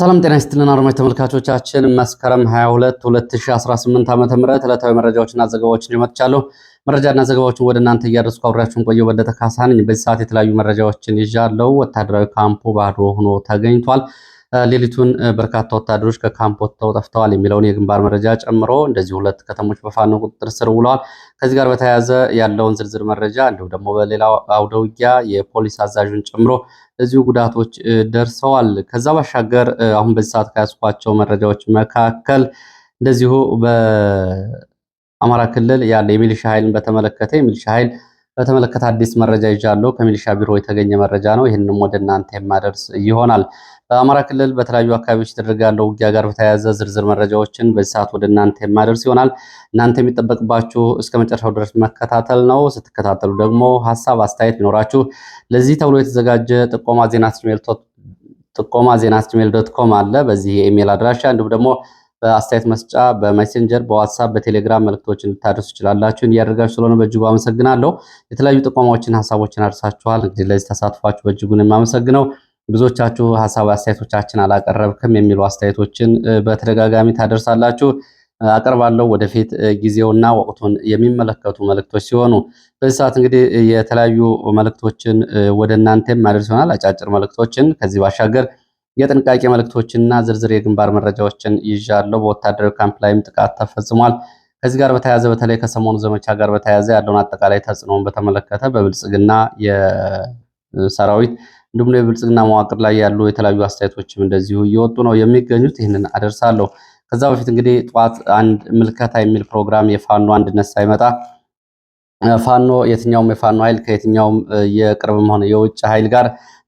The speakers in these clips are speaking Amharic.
ሰላም ጤና ይስጥልን አድማጭ ተመልካቾቻችን፣ መስከረም 22 2018 ዓ.ም ምረት ዕለታዊ መረጃዎችና ዘገባዎችን ይዤ መረጃና ዘገባዎችን ወደ እናንተ እያደረስኩ አብሬያችሁን ቆየሁ። በለጠ ካሳ ነኝ። በዚህ ሰዓት የተለያዩ መረጃዎችን ይዣለሁ። ወታደራዊ ካምፑ ባዶ ሆኖ ተገኝቷል። ሌሊቱን በርካታ ወታደሮች ከካምፕ ወጥተው ጠፍተዋል የሚለውን የግንባር መረጃ ጨምሮ እንደዚህ ሁለት ከተሞች በፋኖ ቁጥጥር ስር ውለዋል። ከዚህ ጋር በተያያዘ ያለውን ዝርዝር መረጃ እንዲሁም ደግሞ በሌላ አውደውጊያ የፖሊስ አዛዥን ጨምሮ እዚሁ ጉዳቶች ደርሰዋል። ከዛ ባሻገር አሁን በዚህ ሰዓት ከያዝኳቸው መረጃዎች መካከል እንደዚሁ በአማራ ክልል ያለ የሚሊሻ ኃይልን በተመለከተ የሚሊሻ ኃይል በተመለከተ አዲስ መረጃ ይዣለሁ። ከሚሊሻ ቢሮ የተገኘ መረጃ ነው። ይህንንም ወደ እናንተ የማደርስ ይሆናል። በአማራ ክልል በተለያዩ አካባቢዎች የተደረገ ያለው ውጊያ ጋር በተያያዘ ዝርዝር መረጃዎችን በዚህ ሰዓት ወደ እናንተ የማደርስ ይሆናል። እናንተ የሚጠበቅባችሁ እስከ መጨረሻው ድረስ መከታተል ነው። ስትከታተሉ ደግሞ ሀሳብ አስተያየት ቢኖራችሁ ለዚህ ተብሎ የተዘጋጀ ጥቆማ ዜና ጂሜል ዶት ኮም አለ። በዚህ የኢሜል አድራሻ እንዲሁም ደግሞ በአስተያየት መስጫ፣ በሜሴንጀር፣ በዋትሳፕ፣ በቴሌግራም መልእክቶች እንድታደርሱ ይችላላችሁን እያደረጋችሁ ስለሆነ በእጅጉ አመሰግናለሁ። የተለያዩ ጥቆማዎችን፣ ሀሳቦችን አድርሳችኋል። እንግዲህ ለዚህ ተሳትፏችሁ በእጅጉን የማመሰግነው። ብዙዎቻችሁ ሀሳብ አስተያየቶቻችን አላቀረብክም የሚሉ አስተያየቶችን በተደጋጋሚ ታደርሳላችሁ አቀርባለሁ ወደፊት ጊዜውና ወቅቱን የሚመለከቱ መልእክቶች ሲሆኑ በዚህ ሰዓት እንግዲህ የተለያዩ መልእክቶችን ወደ እናንተ የማደርስ ይሆናል። አጫጭር መልእክቶችን ከዚህ ባሻገር የጥንቃቄ መልእክቶችንና ዝርዝር የግንባር መረጃዎችን ይዣለሁ። በወታደራዊ ካምፕ ላይም ጥቃት ተፈጽሟል። ከዚህ ጋር በተያያዘ በተለይ ከሰሞኑ ዘመቻ ጋር በተያያዘ ያለውን አጠቃላይ ተጽዕኖውን በተመለከተ በብልጽግና የሰራዊት እንዲሁም የብልጽግና መዋቅር ላይ ያሉ የተለያዩ አስተያየቶችም እንደዚሁ እየወጡ ነው የሚገኙት። ይህንን አደርሳለሁ። ከዛ በፊት እንግዲህ ጠዋት አንድ ምልከታ የሚል ፕሮግራም የፋኖ አንድነት ሳይመጣ ፋኖ የትኛውም የፋኖ ኃይል ከየትኛውም የቅርብም ሆነ የውጭ ኃይል ጋር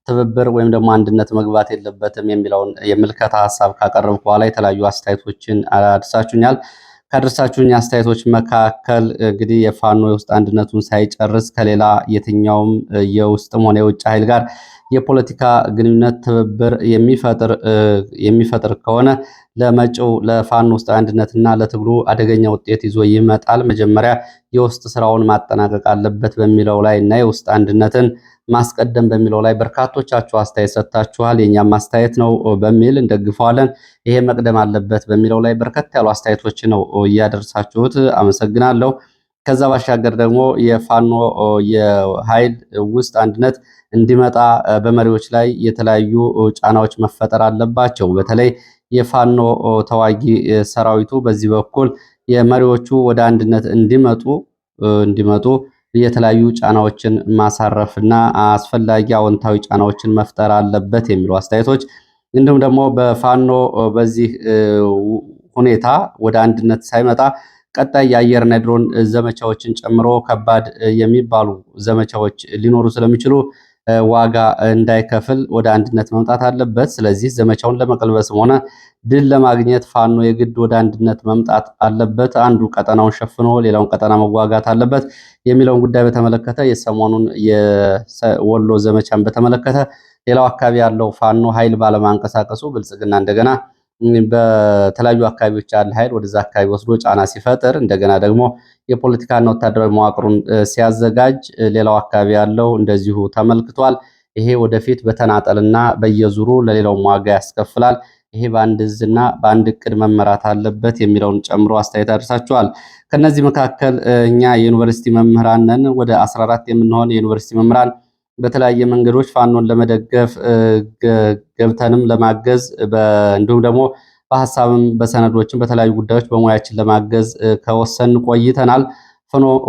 ትብብር ወይም ደግሞ አንድነት መግባት የለበትም የሚለውን የምልከታ ሀሳብ ካቀረብኩ በኋላ የተለያዩ አስተያየቶችን አድርሳችሁኛል። ከድርሳችሁኝ አስተያየቶች መካከል እንግዲህ የፋኖ የውስጥ አንድነቱን ሳይጨርስ ከሌላ የትኛውም የውስጥም ሆነ የውጭ ኃይል ጋር የፖለቲካ ግንኙነት ትብብር የሚፈጥር ከሆነ ለመጪው ለፋኖ ውስጥ አንድነትና ለትግሉ አደገኛ ውጤት ይዞ ይመጣል፣ መጀመሪያ የውስጥ ስራውን ማጠናቀቅ አለበት በሚለው ላይ እና የውስጥ አንድነትን ማስቀደም በሚለው ላይ በርካቶቻችሁ አስተያየት ሰጥታችኋል። የእኛም ማስተያየት ነው በሚል እንደግፈዋለን። ይሄ መቅደም አለበት በሚለው ላይ በርከት ያሉ አስተያየቶች ነው እያደረሳችሁት፣ አመሰግናለሁ። ከዛ ባሻገር ደግሞ የፋኖ የኃይል ውስጥ አንድነት እንዲመጣ በመሪዎች ላይ የተለያዩ ጫናዎች መፈጠር አለባቸው። በተለይ የፋኖ ተዋጊ ሰራዊቱ በዚህ በኩል የመሪዎቹ ወደ አንድነት እንዲመጡ እንዲመጡ የተለያዩ ጫናዎችን ማሳረፍ እና አስፈላጊ አዎንታዊ ጫናዎችን መፍጠር አለበት የሚሉ አስተያየቶች እንዲሁም ደግሞ በፋኖ በዚህ ሁኔታ ወደ አንድነት ሳይመጣ ቀጣይ የአየርና የድሮን ዘመቻዎችን ጨምሮ ከባድ የሚባሉ ዘመቻዎች ሊኖሩ ስለሚችሉ ዋጋ እንዳይከፍል ወደ አንድነት መምጣት አለበት። ስለዚህ ዘመቻውን ለመቀልበስም ሆነ ድል ለማግኘት ፋኖ የግድ ወደ አንድነት መምጣት አለበት። አንዱ ቀጠናውን ሸፍኖ ሌላውን ቀጠና መዋጋት አለበት የሚለውን ጉዳይ በተመለከተ የሰሞኑን የወሎ ዘመቻን በተመለከተ ሌላው አካባቢ ያለው ፋኖ ኃይል ባለማንቀሳቀሱ ብልጽግና እንደገና በተለያዩ አካባቢዎች ያለ ኃይል ወደዛ አካባቢ ወስዶ ጫና ሲፈጥር እንደገና ደግሞ የፖለቲካና ወታደራዊ መዋቅሩን ሲያዘጋጅ ሌላው አካባቢ ያለው እንደዚሁ ተመልክቷል። ይሄ ወደፊት በተናጠልና በየዙሩ ለሌላው ዋጋ ያስከፍላል። ይሄ በአንድ እዝና በአንድ እቅድ መመራት አለበት የሚለውን ጨምሮ አስተያየት አድርሳችኋል። ከነዚህ መካከል እኛ የዩኒቨርሲቲ መምህራን ነን። ወደ 14 የምንሆን የዩኒቨርሲቲ መምህራን በተለያየ መንገዶች ፋኖን ለመደገፍ ገብተንም ለማገዝ እንዲሁም ደግሞ በሀሳብም በሰነዶችም በተለያዩ ጉዳዮች በሙያችን ለማገዝ ከወሰን ቆይተናል።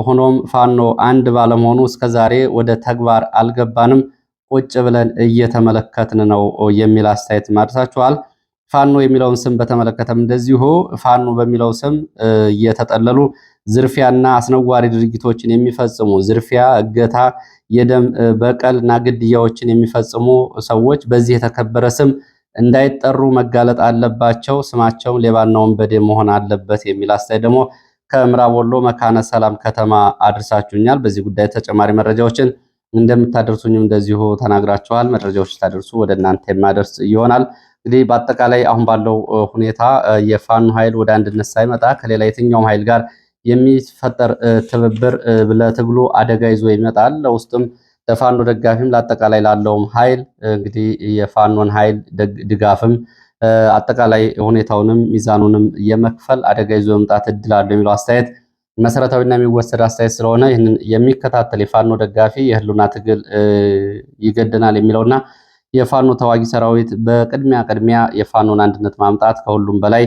ሆኖም ፋኖ አንድ ባለመሆኑ እስከዛሬ ወደ ተግባር አልገባንም፣ ቁጭ ብለን እየተመለከትን ነው የሚል አስተያየት ማድረሳችኋል። ፋኖ የሚለውን ስም በተመለከተም እንደዚሁ ፋኖ በሚለው ስም እየተጠለሉ ዝርፊያና አስነዋሪ ድርጊቶችን የሚፈጽሙ ዝርፊያ፣ እገታ የደም በቀልና ግድያዎችን የሚፈጽሙ ሰዎች በዚህ የተከበረ ስም እንዳይጠሩ መጋለጥ አለባቸው። ስማቸውም ሌባና ወንበዴ መሆን አለበት የሚል አስተያየት ደግሞ ከምዕራብ ወሎ መካነ ሰላም ከተማ አድርሳችሁኛል። በዚህ ጉዳይ ተጨማሪ መረጃዎችን እንደምታደርሱኝም እንደዚሁ ተናግራችኋል። መረጃዎች ታደርሱ ወደ እናንተ የማደርስ ይሆናል። እንግዲህ በአጠቃላይ አሁን ባለው ሁኔታ የፋኑ ኃይል ወደ አንድነት ሳይመጣ ከሌላ የትኛውም ኃይል ጋር የሚፈጠር ትብብር ለትግሉ አደጋ ይዞ ይመጣል። ለውስጥም ለፋኖ ደጋፊም ለአጠቃላይ ላለውም ኃይል እንግዲህ የፋኖን ኃይል ድጋፍም አጠቃላይ ሁኔታውንም ሚዛኑንም የመክፈል አደጋ ይዞ መምጣት እድል አለው የሚለው አስተያየት መሰረታዊና የሚወሰድ አስተያየት ስለሆነ ይህንን የሚከታተል የፋኖ ደጋፊ የህልውና ትግል ይገደናል የሚለውና የፋኖ ተዋጊ ሰራዊት በቅድሚያ ቅድሚያ የፋኖን አንድነት ማምጣት ከሁሉም በላይ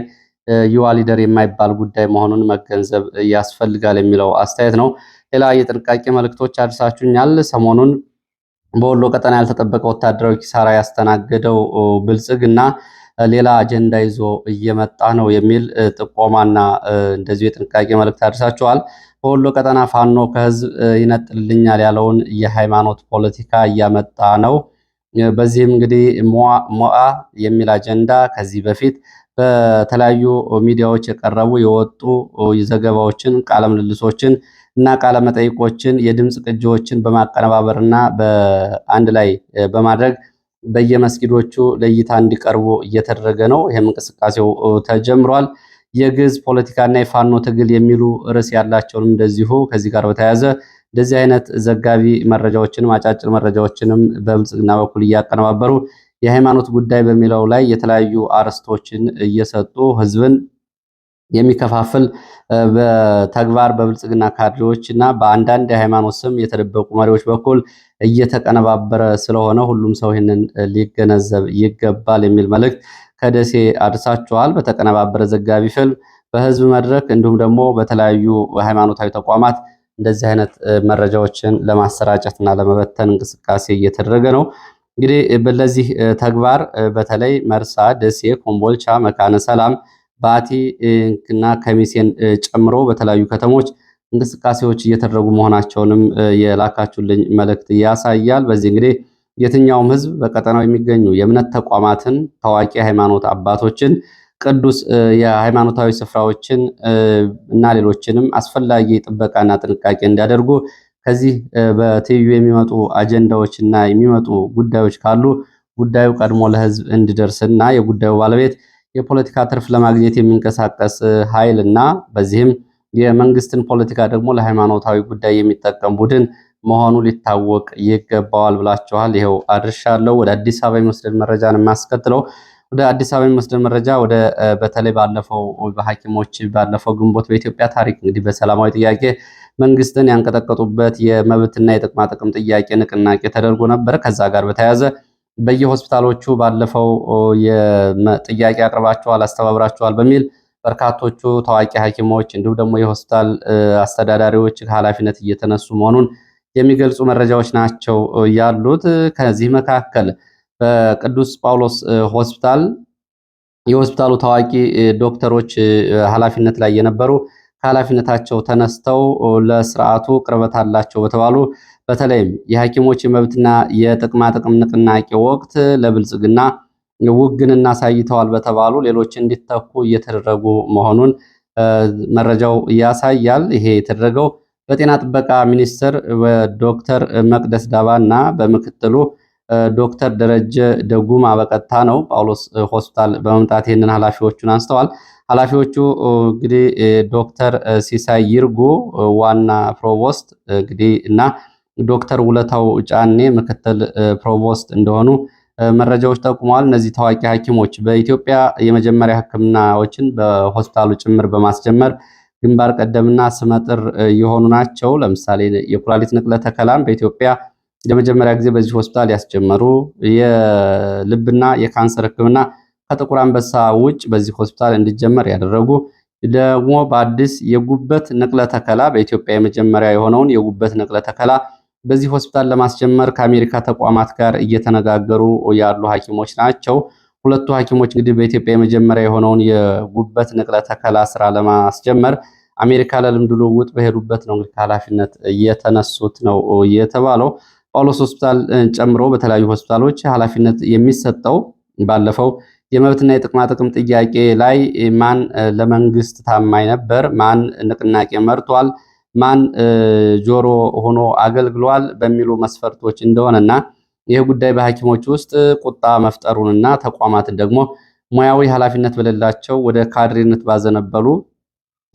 ዩዋ ሊደር የማይባል ጉዳይ መሆኑን መገንዘብ ያስፈልጋል የሚለው አስተያየት ነው። ሌላ የጥንቃቄ መልእክቶች አድርሳችሁኛል። ሰሞኑን በወሎ ቀጠና ያልተጠበቀ ወታደራዊ ኪሳራ ያስተናገደው ብልጽግና ሌላ አጀንዳ ይዞ እየመጣ ነው የሚል ጥቆማና እንደዚሁ የጥንቃቄ መልእክት አድርሳችኋል። በወሎ ቀጠና ፋኖ ከህዝብ ይነጥልልኛል ያለውን የሃይማኖት ፖለቲካ እያመጣ ነው። በዚህም እንግዲህ ሞአ የሚል አጀንዳ ከዚህ በፊት በተለያዩ ሚዲያዎች የቀረቡ የወጡ ዘገባዎችን፣ ቃለ ምልልሶችን እና ቃለ መጠይቆችን የድምፅ ቅጂዎችን በማቀነባበር እና በአንድ ላይ በማድረግ በየመስጊዶቹ ለእይታ እንዲቀርቡ እየተደረገ ነው። ይህም እንቅስቃሴው ተጀምሯል። የግዝ ፖለቲካና የፋኖ ትግል የሚሉ ርዕስ ያላቸውንም እንደዚሁ ከዚህ ጋር በተያያዘ እንደዚህ አይነት ዘጋቢ መረጃዎችንም አጫጭር መረጃዎችንም በብልጽግና በኩል እያቀነባበሩ የሃይማኖት ጉዳይ በሚለው ላይ የተለያዩ አርዕስቶችን እየሰጡ ህዝብን የሚከፋፍል በተግባር በብልጽግና ካድሬዎች እና በአንዳንድ የሃይማኖት ስም የተደበቁ መሪዎች በኩል እየተቀነባበረ ስለሆነ ሁሉም ሰው ይህንን ሊገነዘብ ይገባል የሚል መልእክት ከደሴ አድርሳችኋል። በተቀነባበረ ዘጋቢ ፊልም፣ በህዝብ መድረክ እንዲሁም ደግሞ በተለያዩ ሃይማኖታዊ ተቋማት እንደዚህ አይነት መረጃዎችን ለማሰራጨት እና ለመበተን እንቅስቃሴ እየተደረገ ነው። እንግዲህ በለዚህ ተግባር በተለይ መርሳ፣ ደሴ፣ ኮምቦልቻ፣ መካነ ሰላም፣ ባቲ እና ከሚሴን ጨምሮ በተለያዩ ከተሞች እንቅስቃሴዎች እየተደረጉ መሆናቸውንም የላካችሁልኝ መልእክት ያሳያል። በዚህ እንግዲህ የትኛውም ሕዝብ በቀጠናው የሚገኙ የእምነት ተቋማትን፣ ታዋቂ ሃይማኖት አባቶችን፣ ቅዱስ የሃይማኖታዊ ስፍራዎችን እና ሌሎችንም አስፈላጊ ጥበቃና ጥንቃቄ እንዲያደርጉ ከዚህ በትይዩ የሚመጡ አጀንዳዎች እና የሚመጡ ጉዳዮች ካሉ ጉዳዩ ቀድሞ ለህዝብ እንዲደርስና እና የጉዳዩ ባለቤት የፖለቲካ ትርፍ ለማግኘት የሚንቀሳቀስ ኃይል እና በዚህም የመንግስትን ፖለቲካ ደግሞ ለሃይማኖታዊ ጉዳይ የሚጠቀም ቡድን መሆኑ ሊታወቅ ይገባዋል ብላችኋል። ይኸው አድርሻለሁ። ወደ አዲስ አበባ የሚወስደን መረጃ ነው የሚያስከትለው። ወደ አዲስ አበባ የሚወስደን መረጃ ወደ በተለይ ባለፈው በሐኪሞች ባለፈው ግንቦት በኢትዮጵያ ታሪክ እንግዲህ በሰላማዊ ጥያቄ መንግስትን ያንቀጠቀጡበት የመብትና የጥቅማጥቅም ጥያቄ ንቅናቄ ተደርጎ ነበር። ከዛ ጋር በተያያዘ በየሆስፒታሎቹ ባለፈው ጥያቄ አቅርባችኋል፣ አስተባብራችኋል በሚል በርካቶቹ ታዋቂ ሐኪሞች እንዲሁም ደግሞ የሆስፒታል አስተዳዳሪዎች ኃላፊነት እየተነሱ መሆኑን የሚገልጹ መረጃዎች ናቸው ያሉት። ከዚህ መካከል በቅዱስ ጳውሎስ ሆስፒታል የሆስፒታሉ ታዋቂ ዶክተሮች ኃላፊነት ላይ የነበሩ ከኃላፊነታቸው ተነስተው ለስርዓቱ ቅርበት አላቸው በተባሉ በተለይም የሐኪሞች የመብትና የጥቅማ ጥቅም ንቅናቄ ወቅት ለብልጽግና ውግንና አሳይተዋል በተባሉ ሌሎች እንዲተኩ እየተደረጉ መሆኑን መረጃው ያሳያል። ይሄ የተደረገው በጤና ጥበቃ ሚኒስትር በዶክተር መቅደስ ዳባ እና በምክትሉ ዶክተር ደረጀ ደጉማ በቀጥታ ነው። ጳውሎስ ሆስፒታል በመምጣት ይህንን ኃላፊዎቹን አንስተዋል። ኃላፊዎቹ እንግዲህ ዶክተር ሲሳይ ይርጉ ዋና ፕሮቮስት እንግዲህ እና ዶክተር ውለታው ጫኔ ምክትል ፕሮቮስት እንደሆኑ መረጃዎች ጠቁመዋል። እነዚህ ታዋቂ ሐኪሞች በኢትዮጵያ የመጀመሪያ ሕክምናዎችን በሆስፒታሉ ጭምር በማስጀመር ግንባር ቀደምና ስመጥር የሆኑ ናቸው። ለምሳሌ የኩላሊት ንቅለ ተከላም በኢትዮጵያ ለመጀመሪያ ጊዜ በዚህ ሆስፒታል ያስጀመሩ፣ የልብና የካንሰር ሕክምና ከጥቁር አንበሳ ውጭ በዚህ ሆስፒታል እንዲጀመር ያደረጉ ደግሞ በአዲስ የጉበት ንቅለ ተከላ በኢትዮጵያ የመጀመሪያ የሆነውን የጉበት ንቅለ ተከላ በዚህ ሆስፒታል ለማስጀመር ከአሜሪካ ተቋማት ጋር እየተነጋገሩ ያሉ ሐኪሞች ናቸው። ሁለቱ ሐኪሞች እንግዲህ በኢትዮጵያ የመጀመሪያ የሆነውን የጉበት ንቅለ ተከላ ስራ ለማስጀመር አሜሪካ ለልምድ ልውውጥ በሄዱበት ነው እንግዲህ ከኃላፊነት እየተነሱት ነው የተባለው። ጳውሎስ ሆስፒታል ጨምሮ በተለያዩ ሆስፒታሎች ኃላፊነት የሚሰጠው ባለፈው የመብትና የጥቅማ ጥቅም ጥያቄ ላይ ማን ለመንግስት ታማኝ ነበር፣ ማን ንቅናቄ መርቷል፣ ማን ጆሮ ሆኖ አገልግሏል በሚሉ መስፈርቶች እንደሆነና ይህ ጉዳይ በሐኪሞች ውስጥ ቁጣ መፍጠሩንና ተቋማትን ደግሞ ሙያዊ ኃላፊነት በሌላቸው ወደ ካድሬነት ባዘነበሉ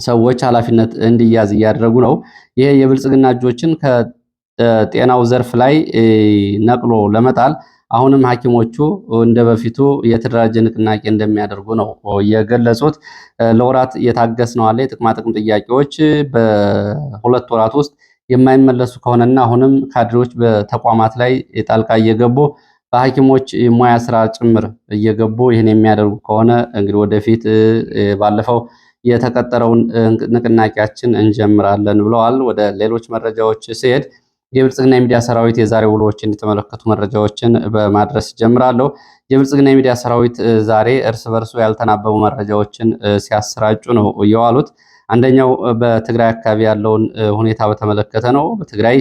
ሰዎች ኃላፊነት እንዲያዝ እያደረጉ ነው። ይሄ የብልጽግና እጆችን ከጤናው ዘርፍ ላይ ነቅሎ ለመጣል አሁንም ሐኪሞቹ እንደ በፊቱ የተደራጀ ንቅናቄ እንደሚያደርጉ ነው የገለጹት። ለወራት እየታገስ ነው አለ የጥቅማጥቅም ጥያቄዎች በሁለት ወራት ውስጥ የማይመለሱ ከሆነና አሁንም ካድሬዎች በተቋማት ላይ ጣልቃ እየገቡ በሐኪሞች ሙያ ስራ ጭምር እየገቡ ይህን የሚያደርጉ ከሆነ እንግዲህ ወደፊት ባለፈው የተቀጠረውን ንቅናቄያችን እንጀምራለን ብለዋል። ወደ ሌሎች መረጃዎች ሲሄድ የብልጽግና የሚዲያ ሰራዊት የዛሬ ውሎዎችን የተመለከቱ መረጃዎችን በማድረስ ጀምራለሁ። የብልጽግና የሚዲያ ሰራዊት ዛሬ እርስ በርሱ ያልተናበቡ መረጃዎችን ሲያሰራጩ ነው የዋሉት። አንደኛው በትግራይ አካባቢ ያለውን ሁኔታ በተመለከተ ነው። በትግራይ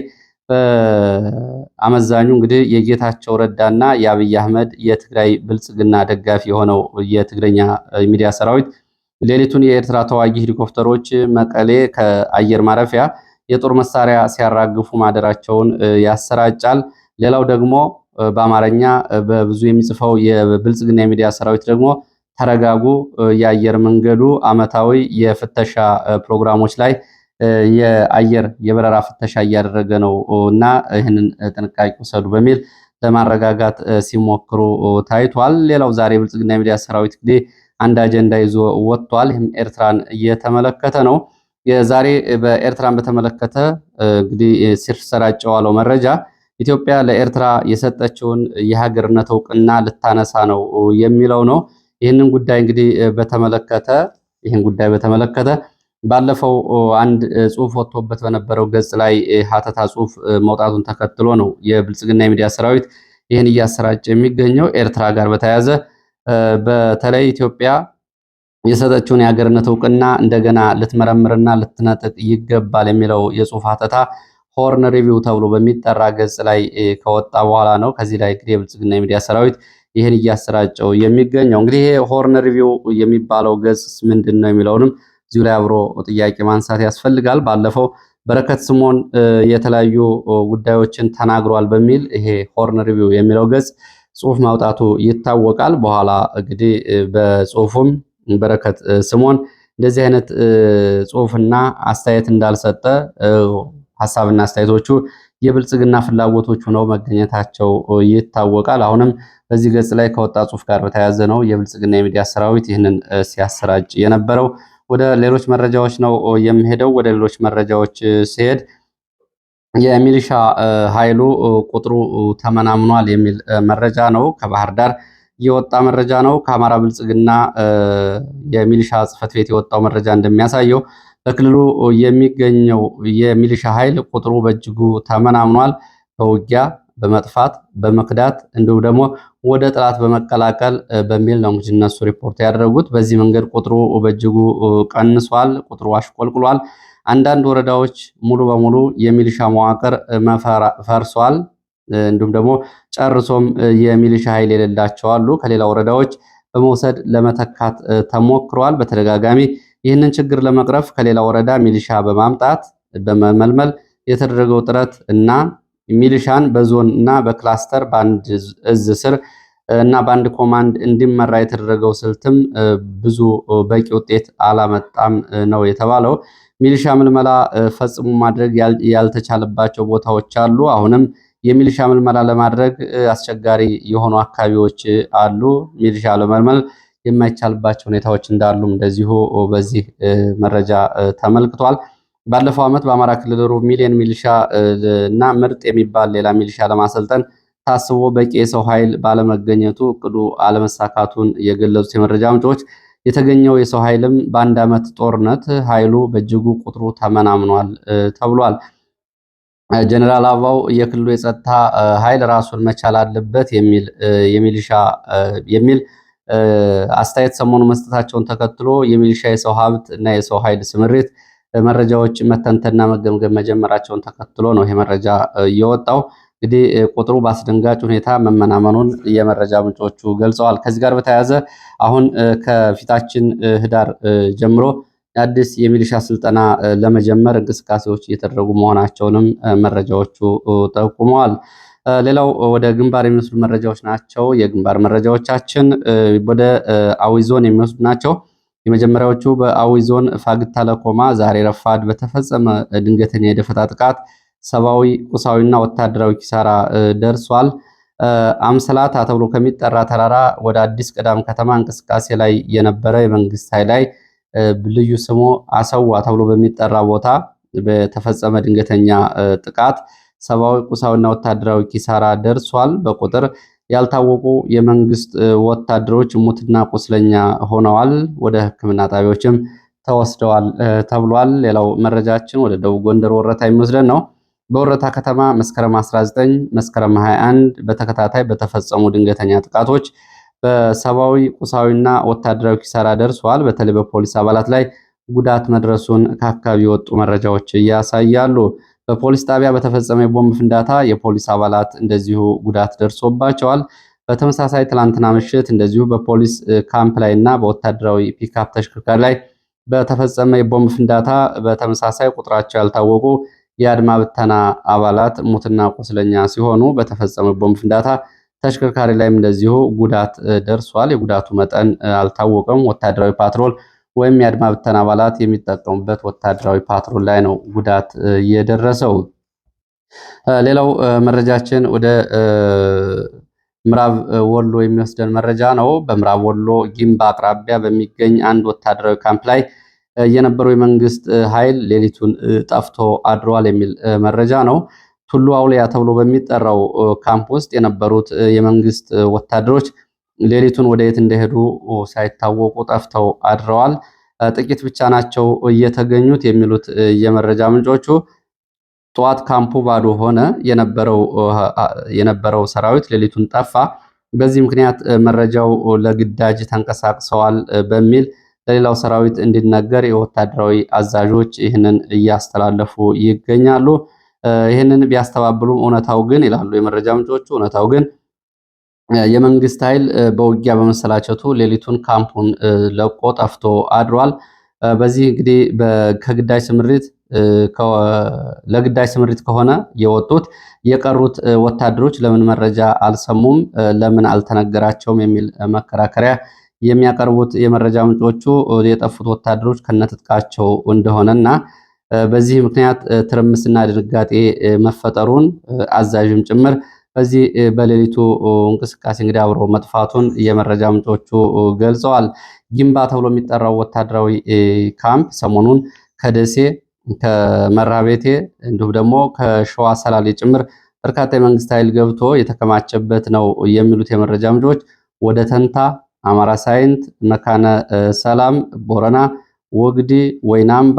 በአመዛኙ እንግዲህ የጌታቸው ረዳና የአብይ አህመድ የትግራይ ብልጽግና ደጋፊ የሆነው የትግረኛ ሚዲያ ሰራዊት ሌሊቱን የኤርትራ ተዋጊ ሄሊኮፕተሮች መቀሌ ከአየር ማረፊያ የጦር መሳሪያ ሲያራግፉ ማደራቸውን ያሰራጫል። ሌላው ደግሞ በአማርኛ በብዙ የሚጽፈው የብልጽግና የሚዲያ ሰራዊት ደግሞ ተረጋጉ፣ የአየር መንገዱ ዓመታዊ የፍተሻ ፕሮግራሞች ላይ የአየር የበረራ ፍተሻ እያደረገ ነው እና ይህንን ጥንቃቄ ውሰዱ በሚል ለማረጋጋት ሲሞክሩ ታይቷል። ሌላው ዛሬ የብልጽግና ሚዲያ ሰራዊት እንግዲህ አንድ አጀንዳ ይዞ ወጥቷል። ይህም ኤርትራን እየተመለከተ ነው። የዛሬ በኤርትራን በተመለከተ እንግዲህ ሲሰራጭ የዋለው መረጃ ኢትዮጵያ ለኤርትራ የሰጠችውን የሀገርነት እውቅና ልታነሳ ነው የሚለው ነው። ይህንን ጉዳይ እንግዲህ በተመለከተ ይህን ጉዳይ በተመለከተ ባለፈው አንድ ጽሁፍ ወጥቶበት በነበረው ገጽ ላይ ሀተታ ጽሁፍ መውጣቱን ተከትሎ ነው የብልጽግና የሚዲያ ሰራዊት ይህን እያሰራጨ የሚገኘው ኤርትራ ጋር በተያያዘ በተለይ ኢትዮጵያ የሰጠችውን የሀገርነት እውቅና እንደገና ልትመረምርና ልትነጥቅ ይገባል የሚለው የጽሁፍ አተታ ሆርን ሪቪው ተብሎ በሚጠራ ገጽ ላይ ከወጣ በኋላ ነው። ከዚህ ላይ እንግዲህ የብልጽግና የሚዲያ ሰራዊት ይህን እያሰራጨው የሚገኘው እንግዲህ ይሄ ሆርን ሪቪው የሚባለው ገጽ ምንድን ነው የሚለውንም እዚሁ ላይ አብሮ ጥያቄ ማንሳት ያስፈልጋል። ባለፈው በረከት ስምኦን የተለያዩ ጉዳዮችን ተናግሯል በሚል ይሄ ሆርን ሪቪው የሚለው ገጽ ጽሁፍ ማውጣቱ ይታወቃል። በኋላ እንግዲህ በጽሁፉም በረከት ስሞን እንደዚህ አይነት ጽሁፍና አስተያየት እንዳልሰጠ ሀሳብና አስተያየቶቹ የብልጽግና ፍላጎቶቹ ነው መገኘታቸው ይታወቃል። አሁንም በዚህ ገጽ ላይ ከወጣ ጽሁፍ ጋር በተያያዘ ነው የብልጽግና የሚዲያ ሰራዊት ይህንን ሲያሰራጭ የነበረው። ወደ ሌሎች መረጃዎች ነው የሚሄደው። ወደ ሌሎች መረጃዎች ሲሄድ የሚሊሻ ኃይሉ ቁጥሩ ተመናምኗል የሚል መረጃ ነው ከባህር ዳር የወጣ መረጃ ነው። ከአማራ ብልጽግና የሚሊሻ ጽፈት ቤት የወጣው መረጃ እንደሚያሳየው በክልሉ የሚገኘው የሚሊሻ ኃይል ቁጥሩ በእጅጉ ተመናምኗል። በውጊያ በመጥፋት በመክዳት እንዲሁም ደግሞ ወደ ጥላት በመቀላቀል በሚል ነው እንግዲህ እነሱ ሪፖርት ያደረጉት። በዚህ መንገድ ቁጥሩ በእጅጉ ቀንሷል፣ ቁጥሩ አሽቆልቁሏል። አንዳንድ ወረዳዎች ሙሉ በሙሉ የሚሊሻ መዋቅር ፈርሷል። እንዲሁም ደግሞ ጨርሶም የሚሊሻ ኃይል የሌላቸው አሉ ከሌላ ወረዳዎች በመውሰድ ለመተካት ተሞክሯል። በተደጋጋሚ ይህንን ችግር ለመቅረፍ ከሌላ ወረዳ ሚሊሻ በማምጣት በመመልመል የተደረገው ጥረት እና ሚሊሻን በዞን እና በክላስተር በአንድ እዝ ስር እና በአንድ ኮማንድ እንዲመራ የተደረገው ስልትም ብዙ በቂ ውጤት አላመጣም ነው የተባለው። ሚሊሻ ምልመላ ፈጽሞ ማድረግ ያልተቻለባቸው ቦታዎች አሉ። አሁንም የሚሊሻ ምልመላ ለማድረግ አስቸጋሪ የሆኑ አካባቢዎች አሉ። ሚሊሻ ለመልመል የማይቻልባቸው ሁኔታዎች እንዳሉ እንደዚሁ በዚህ መረጃ ተመልክቷል። ባለፈው ዓመት በአማራ ክልል ሩብ ሚሊዮን ሚሊሻ እና ምርጥ የሚባል ሌላ ሚሊሻ ለማሰልጠን ታስቦ በቂ የሰው ኃይል ባለመገኘቱ እቅዱ አለመሳካቱን የገለጹት የመረጃ ምንጮች የተገኘው የሰው ኃይልም በአንድ ዓመት ጦርነት ኃይሉ በእጅጉ ቁጥሩ ተመናምኗል ተብሏል። ጀነራል አበባው የክልሉ የጸጥታ ኃይል ራሱን መቻል አለበት የሚል አስተያየት ሰሞኑ መስጠታቸውን ተከትሎ የሚሊሻ የሰው ሀብት እና የሰው ኃይል ስምሪት መረጃዎች መተንተና መገምገም መጀመራቸውን ተከትሎ ነው ይሄ መረጃ እየወጣው እንግዲህ ቁጥሩ በአስደንጋጭ ሁኔታ መመናመኑን የመረጃ ምንጮቹ ገልጸዋል። ከዚህ ጋር በተያያዘ አሁን ከፊታችን ህዳር ጀምሮ አዲስ የሚሊሻ ስልጠና ለመጀመር እንቅስቃሴዎች እየተደረጉ መሆናቸውንም መረጃዎቹ ጠቁመዋል። ሌላው ወደ ግንባር የሚወስዱ መረጃዎች ናቸው። የግንባር መረጃዎቻችን ወደ አዊ ዞን የሚወስዱ ናቸው። የመጀመሪያዎቹ በአዊ ዞን ፋግታ ለኮማ ዛሬ ረፋድ በተፈጸመ ድንገተኛ የደፈጣ ጥቃት ሰብአዊ ቁሳዊና ወታደራዊ ኪሳራ ደርሷል። አምሰላታ ተብሎ ከሚጠራ ተራራ ወደ አዲስ ቅዳም ከተማ እንቅስቃሴ ላይ የነበረ የመንግስት ኃይል ላይ ልዩ ስሙ አሰዋ ተብሎ በሚጠራ ቦታ በተፈጸመ ድንገተኛ ጥቃት ሰብአዊ፣ ቁሳዊና ወታደራዊ ኪሳራ ደርሷል። በቁጥር ያልታወቁ የመንግስት ወታደሮች ሙትና ቁስለኛ ሆነዋል፣ ወደ ሕክምና ጣቢያዎችም ተወስደዋል ተብሏል። ሌላው መረጃችን ወደ ደቡብ ጎንደር ወረታ የሚወስደን ነው። በወረታ ከተማ መስከረም 19፣ መስከረም 21 በተከታታይ በተፈጸሙ ድንገተኛ ጥቃቶች በሰብአዊ ቁሳዊና ወታደራዊ ኪሳራ ደርሷል። በተለይ በፖሊስ አባላት ላይ ጉዳት መድረሱን ከአካባቢ የወጡ መረጃዎች ያሳያሉ። በፖሊስ ጣቢያ በተፈጸመ የቦምብ ፍንዳታ የፖሊስ አባላት እንደዚሁ ጉዳት ደርሶባቸዋል። በተመሳሳይ ትላንትና ምሽት እንደዚሁ በፖሊስ ካምፕ ላይ እና በወታደራዊ ፒክአፕ ተሽከርካሪ ላይ በተፈጸመ የቦምብ ፍንዳታ በተመሳሳይ ቁጥራቸው ያልታወቁ የአድማ ብተና አባላት ሙትና ቁስለኛ ሲሆኑ በተፈጸመ ቦምብ ፍንዳታ ተሽከርካሪ ላይም እንደዚሁ ጉዳት ደርሷል። የጉዳቱ መጠን አልታወቀም። ወታደራዊ ፓትሮል ወይም የአድማ አባላት የሚጠቀሙበት ወታደራዊ ፓትሮል ላይ ነው ጉዳት የደረሰው። ሌላው መረጃችን ወደ ምዕራብ ወሎ የሚወስደን መረጃ ነው። በምዕራብ ወሎ ጊምባ አቅራቢያ በሚገኝ አንድ ወታደራዊ ካምፕ ላይ የነበረው የመንግስት ኃይል ሌሊቱን ጠፍቶ አድሯል የሚል መረጃ ነው። ቱሉ አውሊያ ተብሎ በሚጠራው ካምፕ ውስጥ የነበሩት የመንግስት ወታደሮች ሌሊቱን ወደየት እንደሄዱ ሳይታወቁ ጠፍተው አድረዋል። ጥቂት ብቻ ናቸው እየተገኙት የሚሉት የመረጃ ምንጮቹ። ጠዋት ካምፑ ባዶ ሆነ፣ የነበረው ሰራዊት ሌሊቱን ጠፋ። በዚህ ምክንያት መረጃው ለግዳጅ ተንቀሳቅሰዋል በሚል ለሌላው ሰራዊት እንዲነገር የወታደራዊ አዛዦች ይህንን እያስተላለፉ ይገኛሉ። ይህንን ቢያስተባብሉም እውነታው ግን ይላሉ የመረጃ ምንጮቹ፣ እውነታው ግን የመንግስት ኃይል በውጊያ በመሰላቸቱ ሌሊቱን ካምፑን ለቆ ጠፍቶ አድሯል። በዚህ እንግዲህ ከግዳጅ ስምሪት ለግዳጅ ስምሪት ከሆነ የወጡት የቀሩት ወታደሮች ለምን መረጃ አልሰሙም? ለምን አልተነገራቸውም? የሚል መከራከሪያ የሚያቀርቡት የመረጃ ምንጮቹ የጠፉት ወታደሮች ከነትጥቃቸው እንደሆነና በዚህ ምክንያት ትርምስና ድንጋጤ መፈጠሩን አዛዥም ጭምር በዚህ በሌሊቱ እንቅስቃሴ እንግዲህ አብሮ መጥፋቱን የመረጃ ምንጮቹ ገልጸዋል። ጊንባ ተብሎ የሚጠራው ወታደራዊ ካምፕ ሰሞኑን ከደሴ ከመራቤቴ እንዲሁም ደግሞ ከሸዋ ሰላሌ ጭምር በርካታ የመንግስት ኃይል ገብቶ የተከማቸበት ነው የሚሉት የመረጃ ምንጮች ወደ ተንታ፣ አማራ ሳይንት፣ መካነ ሰላም፣ ቦረና ወግድ፣ ወይናምባ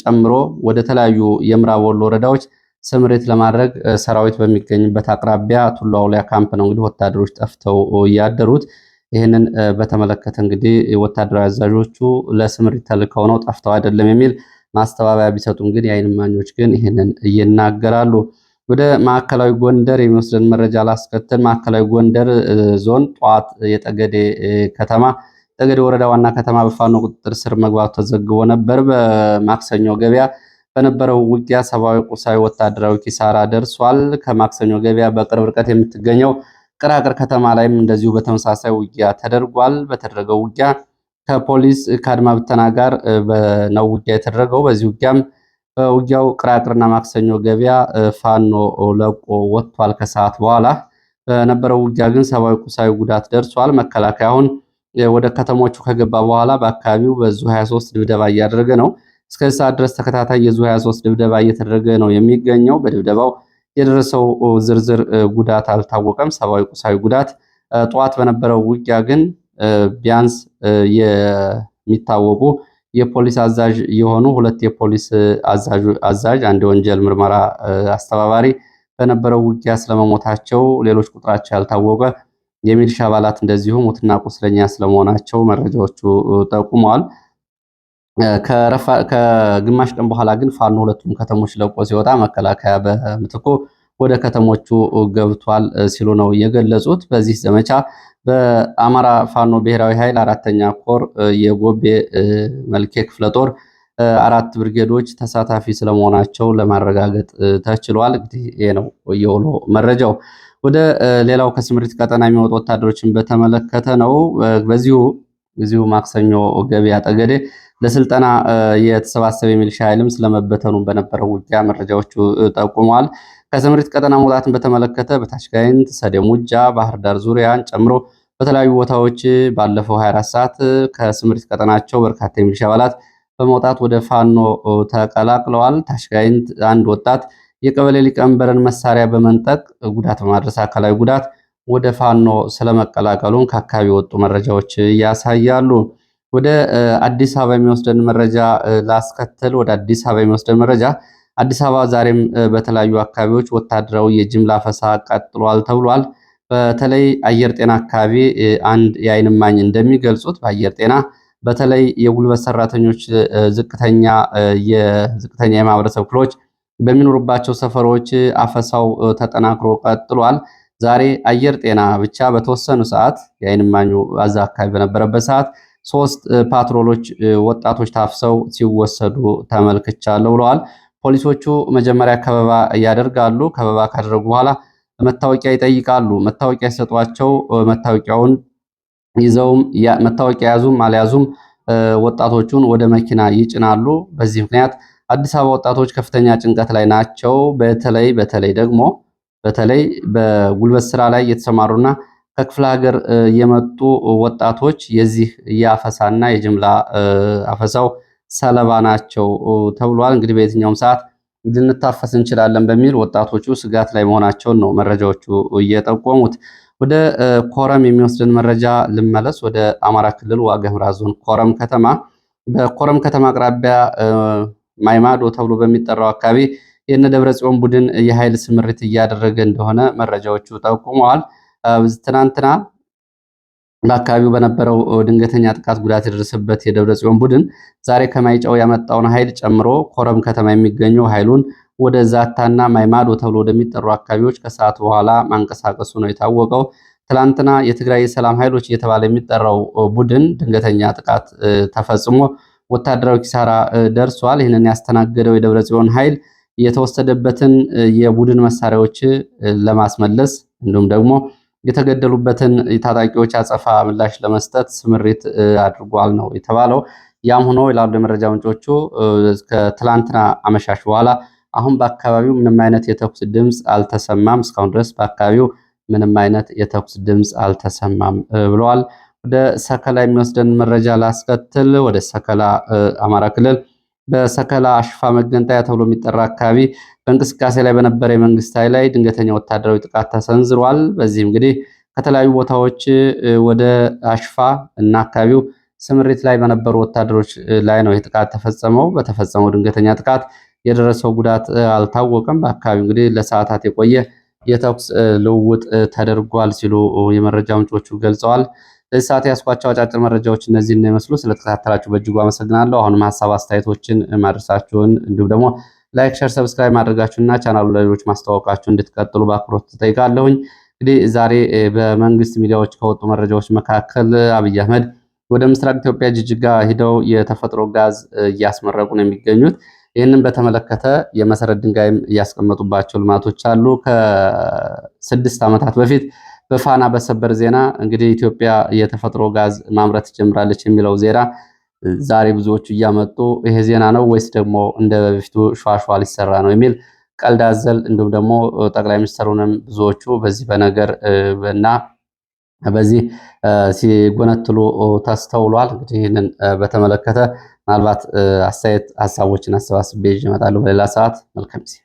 ጨምሮ ወደ ተለያዩ የምዕራብ ወሎ ወረዳዎች ስምሪት ለማድረግ ሰራዊት በሚገኝበት አቅራቢያ ቱሉ አውሊያ ካምፕ ነው እንግዲህ ወታደሮች ጠፍተው ያደሩት። ይህንን በተመለከተ እንግዲህ ወታደራዊ አዛዦቹ ለስምሪት ተልከው ነው ጠፍተው አይደለም የሚል ማስተባበያ ቢሰጡም ግን የዓይን እማኞች ግን ይህንን ይናገራሉ። ወደ ማዕከላዊ ጎንደር የሚወስደን መረጃ ላስከትል። ማዕከላዊ ጎንደር ዞን ጧት የጠገዴ ከተማ ጠገዴ ወረዳ ዋና ከተማ በፋኖ ቁጥጥር ስር መግባቱ ተዘግቦ ነበር። በማክሰኞ ገበያ በነበረው ውጊያ ሰብአዊ፣ ቁሳዊ፣ ወታደራዊ ኪሳራ ደርሷል። ከማክሰኞ ገበያ በቅርብ ርቀት የምትገኘው ቅራቅር ከተማ ላይም እንደዚሁ በተመሳሳይ ውጊያ ተደርጓል። በተደረገው ውጊያ ከፖሊስ ከአድማ ብተና ጋር ነው ውጊያ የተደረገው። በዚህ ውጊያም በውጊያው ቅራቅርና ማክሰኞ ገበያ ፋኖ ለቆ ወጥቷል። ከሰዓት በኋላ በነበረው ውጊያ ግን ሰብአዊ፣ ቁሳዊ ጉዳት ደርሷል። መከላከያ አሁን ወደ ከተሞቹ ከገባ በኋላ በአካባቢው በዙ 23 ድብደባ እያደረገ ነው። እስከዚህ ሰዓት ድረስ ተከታታይ የዙ 23 ድብደባ እየተደረገ ነው የሚገኘው። በድብደባው የደረሰው ዝርዝር ጉዳት አልታወቀም፣ ሰብአዊ፣ ቁሳዊ ጉዳት። ጠዋት በነበረው ውጊያ ግን ቢያንስ የሚታወቁ የፖሊስ አዛዥ የሆኑ ሁለት የፖሊስ አዛዥ፣ አንድ የወንጀል ምርመራ አስተባባሪ በነበረው ውጊያ ስለመሞታቸው ሌሎች ቁጥራቸው ያልታወቀ የሚልሻ አባላት እንደዚሁ ሞትና ቁስለኛ ስለመሆናቸው መረጃዎቹ ጠቁመዋል። ከግማሽ ቀን በኋላ ግን ፋኖ ሁለቱም ከተሞች ለቆ ሲወጣ መከላከያ በምትኮ ወደ ከተሞቹ ገብቷል ሲሉ ነው የገለጹት። በዚህ ዘመቻ በአማራ ፋኖ ብሔራዊ ኃይል አራተኛ ኮር የጎቤ መልኬ ክፍለ ጦር አራት ብርጌዶች ተሳታፊ ስለመሆናቸው ለማረጋገጥ ተችሏል። እንግዲህ ይህ ነው የውሎ መረጃው። ወደ ሌላው ከስምሪት ቀጠና የሚወጡ ወታደሮችን በተመለከተ ነው። በዚሁ እዚሁ ማክሰኞ ገበያ ጠገዴ ለስልጠና የተሰባሰበ የሚሊሻ ኃይልም ስለመበተኑ በነበረው ውጊያ መረጃዎቹ ጠቁመዋል። ከስምሪት ቀጠና መውጣትን በተመለከተ በታች ጋይንት፣ ሰዴም ውጃ፣ ባህር ዳር ዙሪያን ጨምሮ በተለያዩ ቦታዎች ባለፈው 24 ሰዓት ከስምሪት ቀጠናቸው በርካታ የሚሊሻ አባላት በመውጣት ወደ ፋኖ ተቀላቅለዋል። ታች አንድ ወጣት የቀበሌ ሊቀመንበርን መሳሪያ በመንጠቅ ጉዳት በማድረስ አካላዊ ጉዳት ወደ ፋኖ ስለመቀላቀሉን ከአካባቢ የወጡ መረጃዎች ያሳያሉ። ወደ አዲስ አበባ የሚወስደን መረጃ ላስከትል። ወደ አዲስ አበባ የሚወስደን መረጃ አዲስ አበባ ዛሬም በተለያዩ አካባቢዎች ወታደራዊ የጅምላ ፈሳ ቀጥሏል ተብሏል። በተለይ አየር ጤና አካባቢ አንድ የዓይን እማኝ እንደሚገልጹት በአየር ጤና በተለይ የጉልበት ሰራተኞች፣ ዝቅተኛ የማህበረሰብ ክፍሎች በሚኖሩባቸው ሰፈሮች አፈሳው ተጠናክሮ ቀጥሏል። ዛሬ አየር ጤና ብቻ በተወሰኑ ሰዓት የአይን እማኙ አዛ አካባቢ በነበረበት ሰዓት ሶስት ፓትሮሎች ወጣቶች ታፍሰው ሲወሰዱ ተመልክቻለሁ ብለዋል። ፖሊሶቹ መጀመሪያ ከበባ እያደርጋሉ። ከበባ ካደረጉ በኋላ መታወቂያ ይጠይቃሉ። መታወቂያ ይሰጧቸው። መታወቂያውን ይዘውም መታወቂያ ያዙም አልያዙም ወጣቶቹን ወደ መኪና ይጭናሉ። በዚህ ምክንያት አዲስ አበባ ወጣቶች ከፍተኛ ጭንቀት ላይ ናቸው። በተለይ በተለይ ደግሞ በተለይ በጉልበት ስራ ላይ የተሰማሩና ከክፍለ ሀገር የመጡ ወጣቶች የዚህ የአፈሳና የጅምላ አፈሳው ሰለባ ናቸው ተብሏል። እንግዲህ በየትኛውም ሰዓት ልንታፈስ እንችላለን በሚል ወጣቶቹ ስጋት ላይ መሆናቸውን ነው መረጃዎቹ እየጠቆሙት። ወደ ኮረም የሚወስድን መረጃ ልመለስ። ወደ አማራ ክልል ዋግ ኽምራ ዞን ኮረም ከተማ በኮረም ከተማ አቅራቢያ ማይማዶ ተብሎ በሚጠራው አካባቢ የነ ጽዮን ቡድን የኃይል ስምሪት እያደረገ እንደሆነ መረጃዎቹ ጠቁመዋል። ትናንትና በአካባቢው በነበረው ድንገተኛ ጥቃት ጉዳት የደረሰበት የደብረጽዮን ቡድን ዛሬ ከማይጫው ያመጣውን ኃይል ጨምሮ ኮረም ከተማ የሚገኘው ኃይሉን ወደ ዛታና ማይማዶ ተብሎ ወደሚጠሩ አካባቢዎች ከሰዓት በኋላ ማንቀሳቀሱ ነው የታወቀው። ትላንትና የትግራይ የሰላም ኃይሎች እየተባለ የሚጠራው ቡድን ድንገተኛ ጥቃት ተፈጽሞ ወታደራዊ ኪሳራ ደርሷል። ይህንን ያስተናገደው የደብረ ጽዮን ኃይል የተወሰደበትን የቡድን መሳሪያዎች ለማስመለስ እንዲሁም ደግሞ የተገደሉበትን ታጣቂዎች አጸፋ ምላሽ ለመስጠት ስምሪት አድርጓል ነው የተባለው። ያም ሆኖ ይላሉ የመረጃ ምንጮቹ ከትላንትና አመሻሽ በኋላ አሁን በአካባቢው ምንም አይነት የተኩስ ድምፅ አልተሰማም፣ እስካሁን ድረስ በአካባቢው ምንም አይነት የተኩስ ድምፅ አልተሰማም ብለዋል። ወደ ሰከላ የሚወስደን መረጃ ላስከትል። ወደ ሰከላ አማራ ክልል በሰከላ አሽፋ መገንጠያ ተብሎ የሚጠራ አካባቢ በእንቅስቃሴ ላይ በነበረ የመንግስት ኃይል ላይ ድንገተኛ ወታደራዊ ጥቃት ተሰንዝሯል። በዚህም እንግዲህ ከተለያዩ ቦታዎች ወደ አሽፋ እና አካባቢው ስምሪት ላይ በነበሩ ወታደሮች ላይ ነው ይህ ጥቃት ተፈጸመው። በተፈጸመው ድንገተኛ ጥቃት የደረሰው ጉዳት አልታወቀም። በአካባቢው እንግዲህ ለሰዓታት የቆየ የተኩስ ልውውጥ ተደርጓል ሲሉ የመረጃ ምንጮቹ ገልጸዋል። ለዚህ ሰዓት ያስኳቸው አጫጭር መረጃዎች እነዚህ ይመስሉ። ስለተከታተላችሁ በእጅጉ አመሰግናለሁ። አሁንም ሀሳብ አስተያየቶችን ማድረሳችሁን እንዲሁም ደግሞ ላይክ፣ ሸር፣ ሰብስክራይብ ማድረጋችሁና ቻናሉ ለሌሎች ማስተዋወቃችሁ እንድትቀጥሉ በአክብሮት ትጠይቃለሁኝ። እንግዲህ ዛሬ በመንግስት ሚዲያዎች ከወጡ መረጃዎች መካከል አብይ አህመድ ወደ ምስራቅ ኢትዮጵያ ጅጅጋ ሂደው የተፈጥሮ ጋዝ እያስመረቁ ነው የሚገኙት። ይህንን በተመለከተ የመሰረት ድንጋይም እያስቀመጡባቸው ልማቶች አሉ። ከስድስት ዓመታት በፊት በፋና በሰበር ዜና እንግዲህ ኢትዮጵያ የተፈጥሮ ጋዝ ማምረት ጀምራለች የሚለው ዜና ዛሬ ብዙዎቹ እያመጡ ይሄ ዜና ነው ወይስ ደግሞ እንደ በፊቱ ሸዋሸዋ ሊሰራ ነው የሚል ቀልድ አዘል እንዲሁም ደግሞ ጠቅላይ ሚኒስትሩንም ብዙዎቹ በዚህ በነገር እና በዚህ ሲጎነትሉ ተስተውሏል። እንግዲህ ይህንን በተመለከተ ምናልባት አስተያየት ሀሳቦችን አሰባስቤ ይመጣሉ በሌላ ሰዓት። መልካም ጊዜ